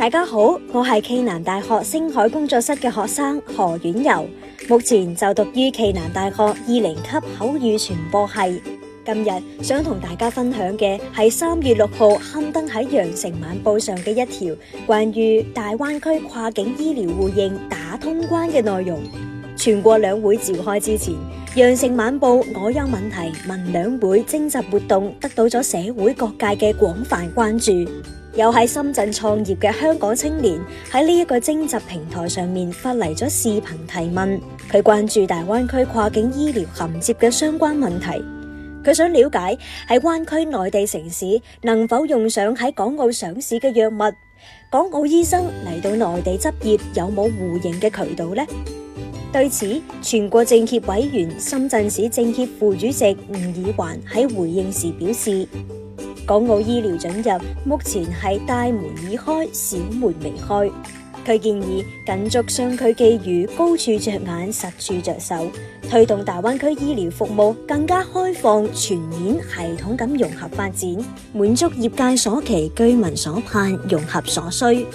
大家好，我係暨南大學聲海工作室嘅學生何婉柔，目前就讀於暨南大學二零級口語傳播系。今日想同大家分享嘅係三月六號刊登喺《羊城晚報》上嘅一條關於大灣區跨境醫療互認打通關嘅內容。全國兩會召開之前，《羊城晚報》我有問題問兩會徵集活動得到咗社會各界嘅廣泛關注。有喺深圳創業嘅香港青年喺呢一個徵集平台上面發嚟咗視頻提問，佢關注大灣區跨境醫療銜接嘅相關問題，佢想了解喺灣區內地城市能否用上喺港澳上市嘅藥物，港澳醫生嚟到內地執業有冇互認嘅渠道咧？對此，全國政協委員、深圳市政協副主席吳以環喺回應時表示。港澳醫療准入目前係大門已開，小門未開。佢建議緊捉雙區機遇，高處着眼，實處着手，推動大灣區醫療服務更加開放、全面、系統咁融合發展，滿足業界所期、居民所盼、融合所需。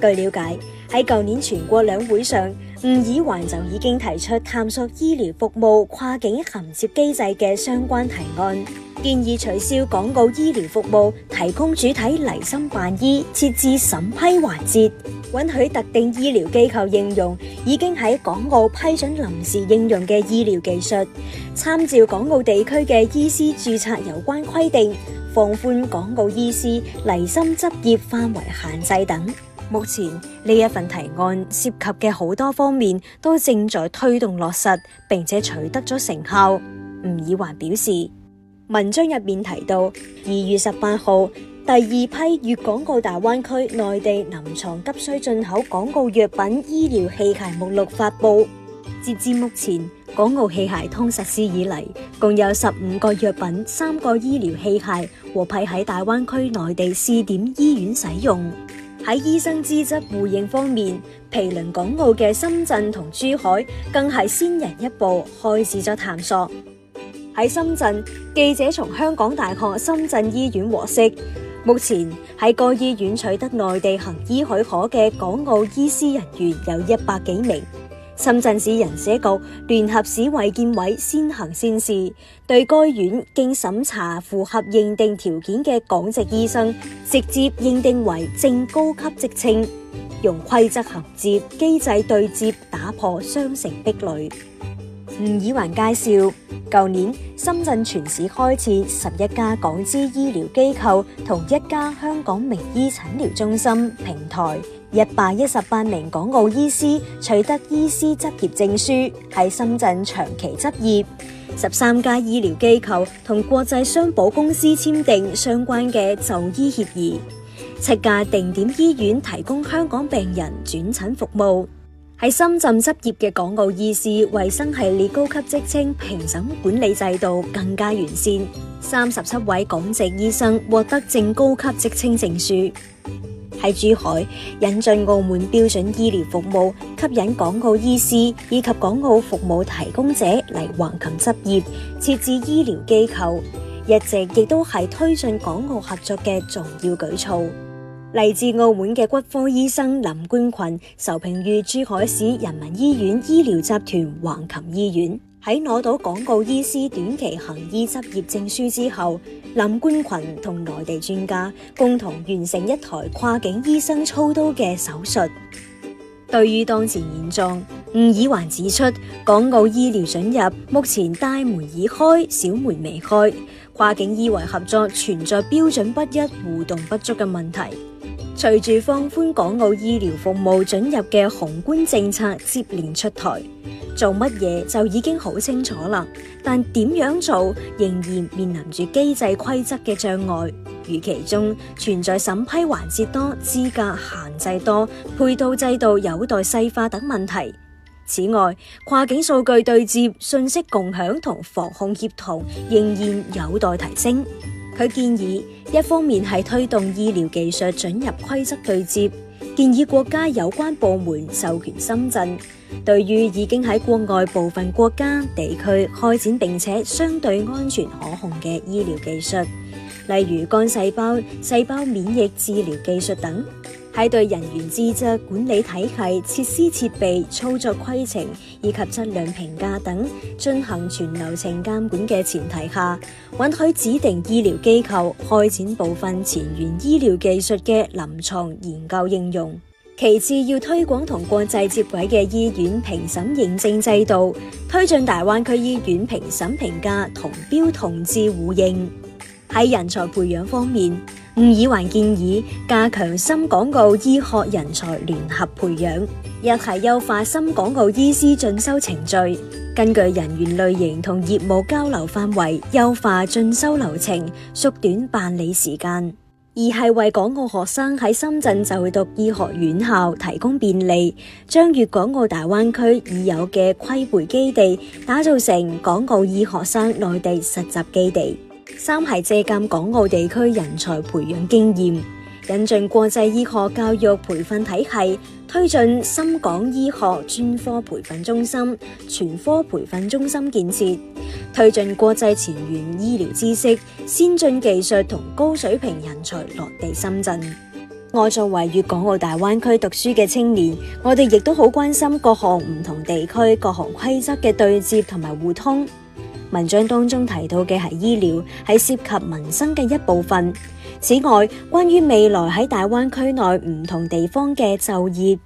據了解，喺舊年全國兩會上，吳以環就已經提出探索醫療服務跨境銜接機制嘅相關提案。建議取消港澳醫療服務提供主體嚟深辦醫，設置審批環節，允許特定醫療機構應用已經喺港澳批准臨時應用嘅醫療技術，參照港澳地區嘅醫師注冊有關規定，放寬港澳醫師嚟深執業範圍限制等。目前呢一份提案涉及嘅好多方面都正在推動落實，並且取得咗成效。吳以環表示。文章入面提到，二月十八號第二批粵港澳大灣區內地臨床急需進口港澳藥品、醫療器械目錄發布。截至目前，港澳器械通實施以嚟，共有十五個藥品、三個醫療器械獲批喺大灣區內地試點醫院使用。喺醫生資質互認方面，毗鄰港澳嘅深圳同珠海更係先人一步，開始咗探索。喺深圳，記者從香港大學深圳醫院獲悉，目前喺該醫院取得內地行醫許可嘅港澳醫師人員有一百幾名。深圳市人社局聯合市衛健委先行先試，對該院經審查符合認定條件嘅港籍醫生直接認定為正高級職稱，用規則銜接機制對接，打破雙城壁壘。吳以環介紹。舊年，深圳全市開設十一家港資醫療機構，同一家香港名醫診療中心平台，一百一十八名港澳醫師取得醫師執業證書，喺深圳長期執業。十三家醫療機構同國際商保公司簽訂相關嘅就醫協議，七家定點醫院提供香港病人轉診服務。喺深圳執業嘅港澳醫師衛生系列高級職稱評審管理制度更加完善，三十七位港籍醫生獲得正高級職稱證書。喺珠海引進澳門標準醫療服務，吸引港澳醫師以及港澳服務提供者嚟橫琴執業，設置醫療機構，一直亦都係推進港澳合作嘅重要舉措。嚟自澳門嘅骨科醫生林冠群受聘於珠海市人民醫院醫療集團橫琴醫院。喺攞到港澳醫師短期行醫執業證書之後，林冠群同內地專家共同完成一台跨境醫生操刀嘅手術。對於當前現狀，吳以環指出，港澳醫療準入目前大門已開，小門未開，跨境醫衛合作存在標準不一、互動不足嘅問題。隨住放寬港澳醫療服務準入嘅宏觀政策接連出台，做乜嘢就已經好清楚啦。但點樣做仍然面臨住機制規則嘅障礙，如其中存在審批環節多、資格限制多、配套制度有待細化等問題。此外，跨境數據對接、信息共享同防控協同仍然有待提升。佢建議，一方面係推動醫療技術准入規則對接，建議國家有關部門授權深圳，對於已經喺國外部分國家地區開展並且相對安全可控嘅醫療技術，例如幹細胞、細胞免疫治療技術等。喺對人員資質、管理體系、設施設備、操作規程、以及質量評價等進行全流程監管嘅前提下，允許指定醫療機構開展部分前沿醫療技術嘅臨床研究應用。其次，要推廣同國際接軌嘅醫院評審認證制度，推進大灣區醫院評審評價同標同質互認。喺人才培養方面。吳以環建議加強深港澳醫學人才聯合培養，一係優化深港澳醫師進修程序，根據人員類型同業務交流範圍優化進修流程，縮短辦理時間；二係為港澳學生喺深圳就讀醫學院校提供便利，將粵港澳大灣區已有嘅規培基地打造成港澳醫學生內地實習基地。三係借鑒港澳地區人才培養經驗，引進國際醫學教育培訓體系，推進深港醫學專科培訓中心、全科培訓中心建設，推進國際前沿醫療知識、先進技術同高水平人才落地深圳。我作為粵港澳大灣區讀書嘅青年，我哋亦都好關心各項唔同地區各項規則嘅對接同埋互通。文章當中提到嘅係醫療，係涉及民生嘅一部分。此外，關於未來喺大灣區內唔同地方嘅就業。